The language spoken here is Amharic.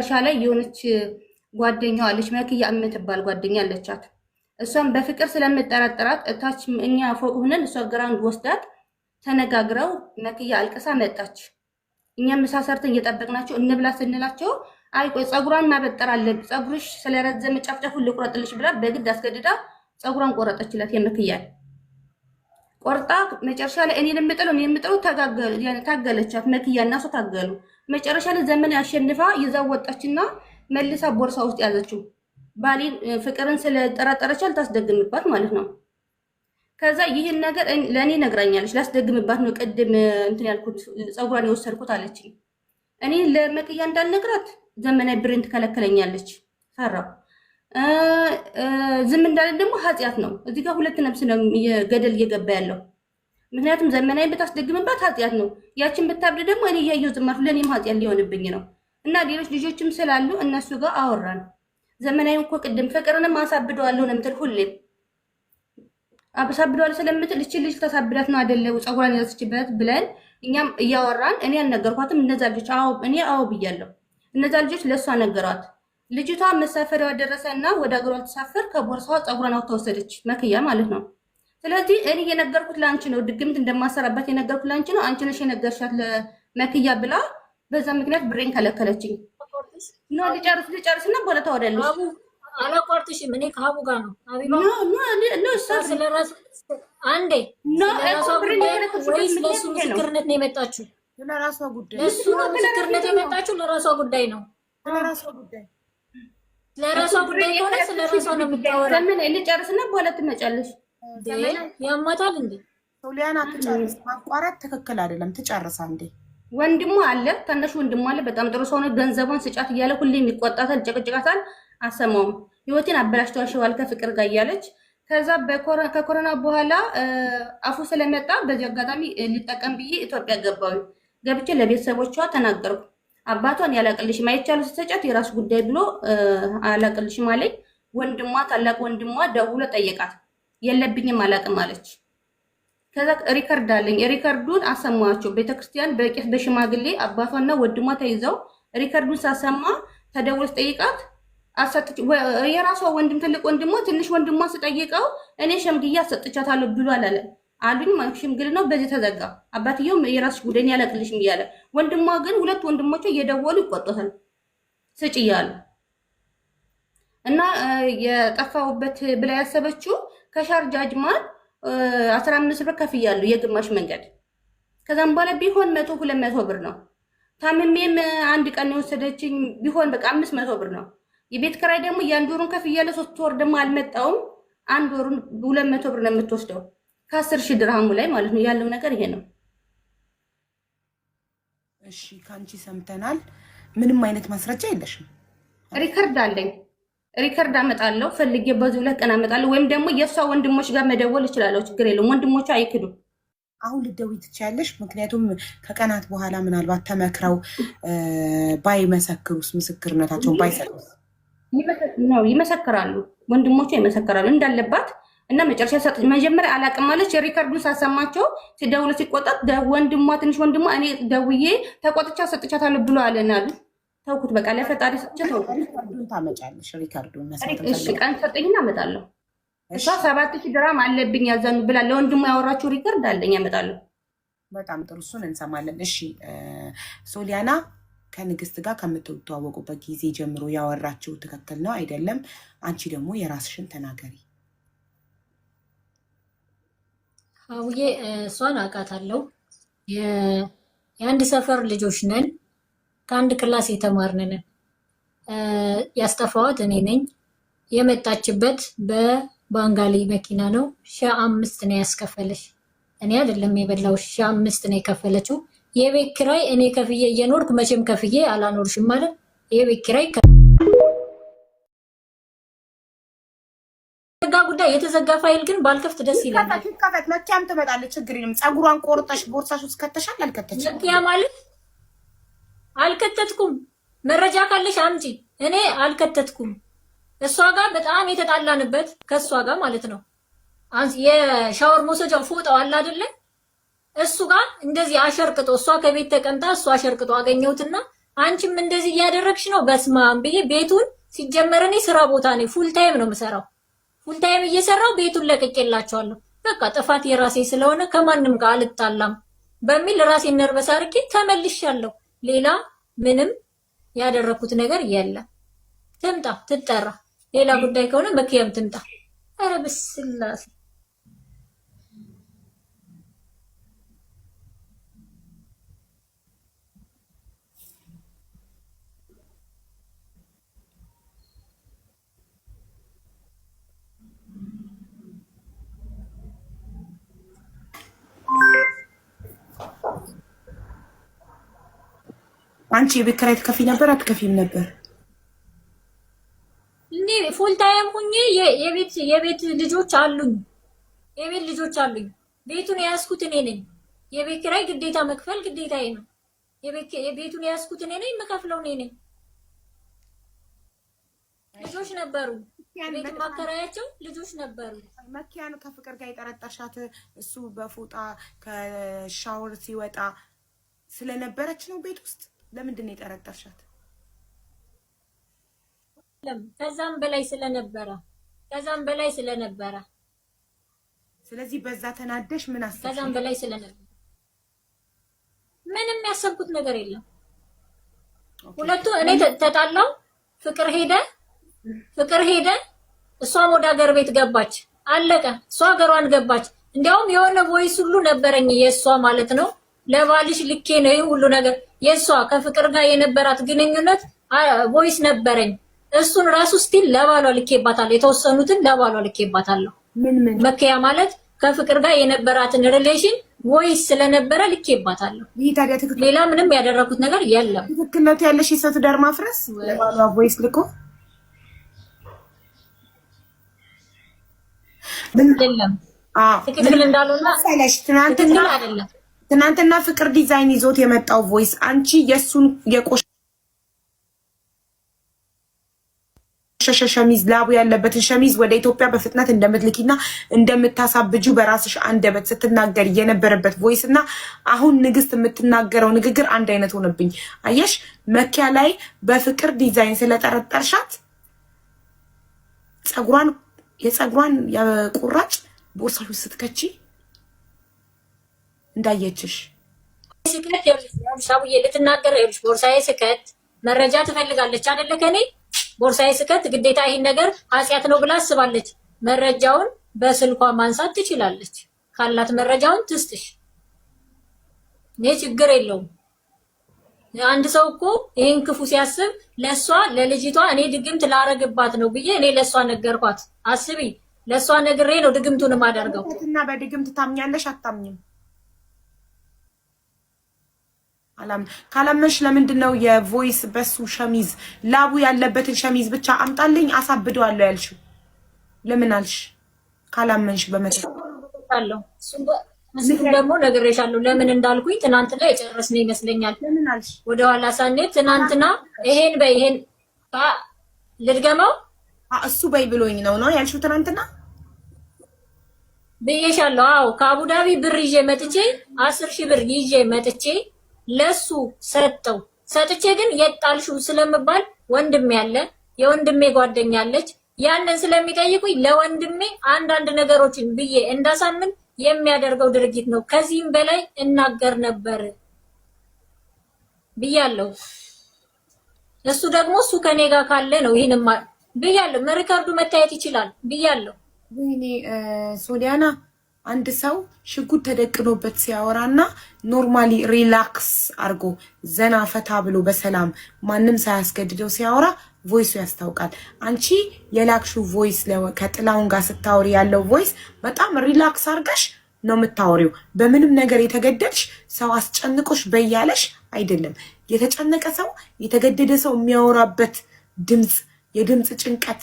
መጨረሻ ላይ የሆነች ጓደኛዋ አለች፣ መክያ የምትባል ጓደኛ አለቻት። እሷም በፍቅር ስለምጠራጠራት እታች እኛ ፎቅ ሆነን እሷ ግራንድ ወስዳት ተነጋግረው መክያ አልቅሳ መጣች። እኛም ምሳ ሰርተን እየጠበቅናቸው እንብላ ስንላቸው አይ ቆይ ፀጉሯን ማበጠር አለብኝ ፀጉርሽ ስለረዘመ ጨፍጨፉን ልቁረጥልሽ ብላ በግድ አስገድዳ ፀጉሯን ቆረጠችላት። የመክያል ቆርጣ መጨረሻ ላይ እኔ የምጥለው እኔ የምጥለው ታገለቻት። መክያ እና እሷ ታገሉ። መጨረሻ ላይ ዘመን አሸንፋ ይዛ ወጣችና መልሳ ቦርሳ ውስጥ ያዘችው። ባሌን ፍቅርን ስለጠራጠረች ልታስደግምባት ማለት ነው። ከዛ ይህን ነገር ለእኔ ነግራኛለች። ላስደግምባት ነው ቅድም እንትን ያልኩት ፀጉሯን የወሰድኩት አለችኝ። እኔ ለመቅያ እንዳልነግራት ዘመናዊ ብሬን ትከለክለኛለች። ፈራ ዝም እንዳለን ደግሞ ኃጢአት ነው። እዚህ ጋር ሁለት ነፍስ ነው ገደል እየገባ ያለው። ምክንያቱም ዘመናዊ ብታስደግምባት ኃጢአት ነው። ያችን ብታብድ ደግሞ እኔ እያየው ዝማር ለእኔም ኃጢአት ሊሆንብኝ ነው እና ሌሎች ልጆችም ስላሉ እነሱ ጋር አወራን። ዘመናዊ እኮ ቅድም ፍቅርንም አሳብደዋለሁ ነው የምትል ሁሌም አሳብደዋለሁ ስለምትል እችን ልጅ ተሳብዳት ነው አደለው ፀጉሯን ያስችበት ብለን እኛም እያወራን እኔ አልነገርኳትም። እነዛ ልጆች እኔ አዎ ብያለሁ። እነዛ ልጆች ለእሷ ነገሯት። ልጅቷ መሳፈሪያዋ ደረሰ እና ወደ አገሯ ልትሳፈር ከቦርሳዋ ፀጉሯን አውጥታ ወሰደች። መክያ ማለት ነው። ስለዚህ እኔ የነገርኩት ለአንቺ ነው። ድግምት እንደማሰራበት የነገርኩት ለአንቺ ነው። አንቺ ነሽ የነገርሻት ለመክያ ብላ፣ በዛ ምክንያት ብሬን ከለከለችኝ። ኖ ልጨርስ ልጨርስ እና በኋላ ታወዳለች። አላቋርጥሽም። እኔ ከአቡ ጋር ነው። አንዴ ለእሱ ምስክርነት ነው የመጣችሁ። ለራሷ ጉዳይ ለእሱ ነው ምስክርነት የመጣችሁ። ለራሷ ጉዳይ ነው። ለራሷ ጉዳይ ለራሷ ጉዳይ ከሆነ ስለራሷ ነው የምታወራው። ለምን ልጨርስ እና በኋላ ትመጫለሽ ያማታል እንዴ ሶሊያና ትጨርስ። ማቋረጥ ትክክል አይደለም። ትጨርሳ እንዴ ወንድሟ አለ፣ ታናሽ ወንድሟ አለ። በጣም ጥሩ ሰው ነው። ገንዘቧን ስጫት እያለ ሁሌም ይቆጣታል፣ ጨቅጭቃታል፣ አሰማውም። ህይወቴን አበላሽተዋል ከፍቅር ጋር እያለች ከዛ ከኮሮና በኋላ አፉ ስለመጣ በዚህ አጋጣሚ ልጠቀም ብዬ ኢትዮጵያ ገባሁ። ገብቼ ለቤተሰቦቿ ተናገርኩ። አባቷን ያላቅልሽም አይቻሉ ስትሰጫት የራሱ ጉዳይ ብሎ አላቅልሽም አለኝ። ወንድሟ ታላቅ ወንድሟ ደውሎ ጠየቃት። የለብኝም አላቅም አለች። ከዛ ሪከርድ አለኝ ሪከርዱን አሰማቸው። ቤተክርስቲያን በቄስ በሽማግሌ አባቷና ወድሟ ተይዘው ሪከርዱን ሳሰማ ተደውል ጠይቃት አሰጥች የራሷ ወንድም ትልቅ ወንድሞ ትንሽ ወንድሟ ስጠይቀው እኔ ሸምግዬ አሰጥቻታለሁ ብሎ አላለ አሉኝ። ሽምግል ነው በዚህ ተዘጋ። አባትየውም የራስሽ ጉደን እኔ አላቅልሽም እያለ ወንድሟ ግን ሁለት ወንድሞቿ እየደወሉ ይቆጡታል ስጭ እያሉ እና የጠፋውበት ብላ ያሰበችው ከሻርጃ አጅማል አስራ አምስት ብር ከፍያለሁ የግማሽ መንገድ። ከዛም በኋላ ቢሆን መቶ ሁለት መቶ ብር ነው። ታምሜም አንድ ቀን የወሰደችኝ ቢሆን በቃ አምስት መቶ ብር ነው። የቤት ኪራይ ደግሞ የአንድ ወሩን ከፍያለሁ። ሶስት ወር ደግሞ አልመጣውም። አንድ ወሩን ሁለት መቶ ብር ነው የምትወስደው ከአስር ሺህ ድርሃሙ ላይ ማለት ነው። ያለው ነገር ይሄ ነው። እሺ፣ ከአንቺ ሰምተናል። ምንም አይነት ማስረጃ የለሽም? ሪከርድ አለኝ ሪከርድ አመጣለሁ ፈልጌ በዚህ ሁለት ቀን አመጣለሁ። ወይም ደግሞ የእሷ ወንድሞች ጋር መደወል እችላለሁ። ችግር የለም። ወንድሞቹ አይክዱም። አሁን ልደዊ ትችያለሽ። ምክንያቱም ከቀናት በኋላ ምናልባት ተመክረው ባይመሰክሩስ ምስክርነታቸውን ባይሰጡስ ነው ይመሰክራሉ። ወንድሞቹ ይመሰክራሉ እንዳለባት እና መጨረሻ ሰጥ መጀመሪያ አላቅም ማለች የሪከርዱን ሳሰማቸው ሲደውሉ ሲቆጣት ወንድሟ ትንሽ ወንድሟ እኔ ደውዬ ተቆጥቻ ሰጥቻታለሁ ብሎ አለን አሉ ተውኩት። በቃ ለፈጣሪ ስጭ ተውኩት። ታመጫለሽ እሺ ቀን ሰጠኝና አመጣለሁ። እሷ ሰባት ሺህ ድራም አለብኝ ያዘኑ ብላ ለወንድሙ ያወራችው ሪከርድ አለኝ አመጣለሁ። በጣም ጥሩ እሱን እንሰማለን። እሺ ሶሊያና ከንግስት ጋር ከምትተዋወቁበት ጊዜ ጀምሮ ያወራችው ትክክል ነው አይደለም? አንቺ ደግሞ የራስሽን ተናገሪ። አውዬ እሷን አውቃታለሁ። የአንድ ሰፈር ልጆች ነን ከአንድ ክላስ የተማርንን ያስጠፋዋት እኔ ነኝ። የመጣችበት በባንጋሊ መኪና ነው። ሺ አምስት ነው ያስከፈለች፣ እኔ አይደለም የበላው። ሺ አምስት ነው የከፈለችው። የቤት ኪራይ እኔ ከፍዬ እየኖርኩ መቼም ከፍዬ አላኖርሽም ማለት የቤት ኪራይ ጋ ጉዳይ የተዘጋ ፋይል ግን ባልከፍት ደስ ይለኛል። መኪያም ትመጣለች። ችግር የለም። ፀጉሯን ቆርጠሽ ቦርሳሽ ውስጥ ከተሻል አልከተች መኪያ ማለት አልከተትኩም። መረጃ ካለሽ አምጪ። እኔ አልከተትኩም። እሷ ጋር በጣም የተጣላንበት ከእሷ ጋር ማለት ነው። የሻወር መውሰጃው ፎጣው አለ አይደለ? እሱ ጋር እንደዚህ አሸርቅጦ እሷ ከቤት ተቀምጣ እሱ አሸርቅጦ አገኘሁትና አንቺም እንደዚህ እያደረግሽ ነው በስማም ብዬ ቤቱን ሲጀመር እኔ ስራ ቦታ ነኝ። ፉል ታይም ነው የምሰራው። ፉል ታይም እየሰራው ቤቱን ለቅቄላቸዋለሁ። በቃ ጥፋት የራሴ ስለሆነ ከማንም ጋር አልጣላም በሚል ራሴን ነርበስ አድርጌ ተመልሻለሁ። ሌላ ምንም ያደረኩት ነገር የለም። ትምጣ ትጠራ። ሌላ ጉዳይ ከሆነ መኪያም ትምጣ። ኧረ ብስላሴ አንቺ የቤት ኪራይ ትከፊ ነበር አትከፊም ነበር? እኔ ፉል ታይም ሁኜ የቤት የቤት ልጆች አሉኝ፣ የቤት ልጆች አሉኝ። ቤቱን የያዝኩት እኔ ነኝ። የቤት ኪራይ ግዴታ መክፈል ግዴታዬ ነው። የቤቱን የያዝኩት እኔ ነኝ፣ የምከፍለው እኔ ነኝ። ልጆች ነበሩ፣ ቤት ማከራያቸው ልጆች ነበሩ። መኪያኑ ከፍቅር ጋር የጠረጠርሻት እሱ በፎጣ ከሻወር ሲወጣ ስለነበረች ነው ቤት ውስጥ ለምንድን ነው የጠረጠርሻት? ከዛም በላይ ስለነበረ ከዛም በላይ ስለነበረ ስለዚህ በዛ ተናደሽ ምን አሰብሽ? ከዛም በላይ ስለነበረ ምንም ያሰብኩት ነገር የለም። ሁለቱ እኔ ተጣላው፣ ፍቅር ሄደ፣ ፍቅር ሄደ። እሷም ወደ ሀገር ቤት ገባች፣ አለቀ። እሷ ሀገሯን ገባች። እንዲያውም የሆነ ቮይስ ሁሉ ነበረኝ የእሷ ማለት ነው ለባልሽ ልኬ ነው ሁሉ ነገር። የእሷ ከፍቅር ጋር የነበራት ግንኙነት ቮይስ ነበረኝ። እሱን ራሱ ስቲል ለባሏ ልኬባታለሁ። የተወሰኑትን ለባሏ ልኬባታለሁ። መከያ ማለት ከፍቅር ጋር የነበራትን ሪሌሽን ቮይስ ስለነበረ ልኬባታለሁ። ሌላ ምንም ያደረኩት ነገር የለም። ትክክል ያለሽ የሰው ትዳር ማፍረስ ለባሏ ቮይስ ልኮ ትክክል እንዳልሆነ ትክክል አይደለም። ትናንትና ፍቅር ዲዛይን ይዞት የመጣው ቮይስ አንቺ የእሱን የቆሸሸ ሸሚዝ ላቡ ያለበትን ሸሚዝ ወደ ኢትዮጵያ በፍጥነት እንደምትልኪና እንደምታሳብጁ በራስሽ አንደበት ስትናገር የነበረበት ቮይስ እና አሁን ንግስት የምትናገረው ንግግር አንድ አይነት ሆነብኝ። አየሽ መኪያ ላይ በፍቅር ዲዛይን ስለጠረጠርሻት ጸጉሯን የጸጉሯን ቁራጭ ቦርሳሽ ስትከቺ እንዳየችሽ ስከት ሻቡዬ ልትናገር ቦርሳዬ ስከት መረጃ ትፈልጋለች አደለ? ከኔ ቦርሳዬ ስከት ግዴታ ይህን ነገር ኃጢአት ነው ብላ አስባለች። መረጃውን በስልኳ ማንሳት ትችላለች። ካላት መረጃውን ትስጥሽ። እኔ ችግር የለውም። አንድ ሰው እኮ ይህን ክፉ ሲያስብ ለእሷ ለልጅቷ እኔ ድግምት ላረግባት ነው ብዬ እኔ ለእሷ ነገርኳት። አስቢ፣ ለእሷ ነግሬ ነው ድግምቱን ማደርገው እና በድግምት ታምኛለሽ አታምኝም? ካላመንሽ ለምንድን ነው የቮይስ በሱ ሸሚዝ ላቡ ያለበትን ሸሚዝ ብቻ አምጣልኝ አሳብደዋለሁ ያልሽው? ለምን አልሽ? ካላመንሽ በመሰ እሱም ደግሞ ነግሬሻለሁ ለምን እንዳልኩኝ ትናንትና የጨረስን ይመስለኛል። ለምን አልሽ? ወደኋላ ሳንሄድ ትናንትና ይሄን በይ ይሄን ልድገመው እሱ በይ ብሎኝ ነው ነው ያልሽው ትናንትና ብዬሻለሁ። አዎ ከአቡዳቢ ብር ይዤ መጥቼ አስር ሺህ ብር ይዤ መጥቼ ለሱ ሰጠው። ሰጥቼ ግን የጣልሽው ስለምባል ወንድሜ ያለ የወንድሜ ጓደኛ አለች። ያንን ስለሚጠይቁኝ ለወንድሜ አንዳንድ ነገሮችን ብዬ እንዳሳምን የሚያደርገው ድርጊት ነው። ከዚህም በላይ እናገር ነበር ብያለሁ። እሱ ደግሞ እሱ ከኔ ጋር ካለ ነው ይህንማ ብያለሁ። መሪካርዱ መታየት ይችላል ብያለሁ። ሶዲያና አንድ ሰው ሽጉጥ ተደቅኖበት ሲያወራና ኖርማሊ ሪላክስ አድርጎ ዘና ፈታ ብሎ በሰላም ማንም ሳያስገድደው ሲያወራ ቮይሱ ያስታውቃል። አንቺ የላክሹ ቮይስ ከጥላውን ጋር ስታወሪ ያለው ቮይስ በጣም ሪላክስ አድርገሽ ነው የምታወሪው። በምንም ነገር የተገደድሽ ሰው አስጨንቆሽ በያለሽ አይደለም። የተጨነቀ ሰው የተገደደ ሰው የሚያወራበት ድምፅ የድምፅ ጭንቀት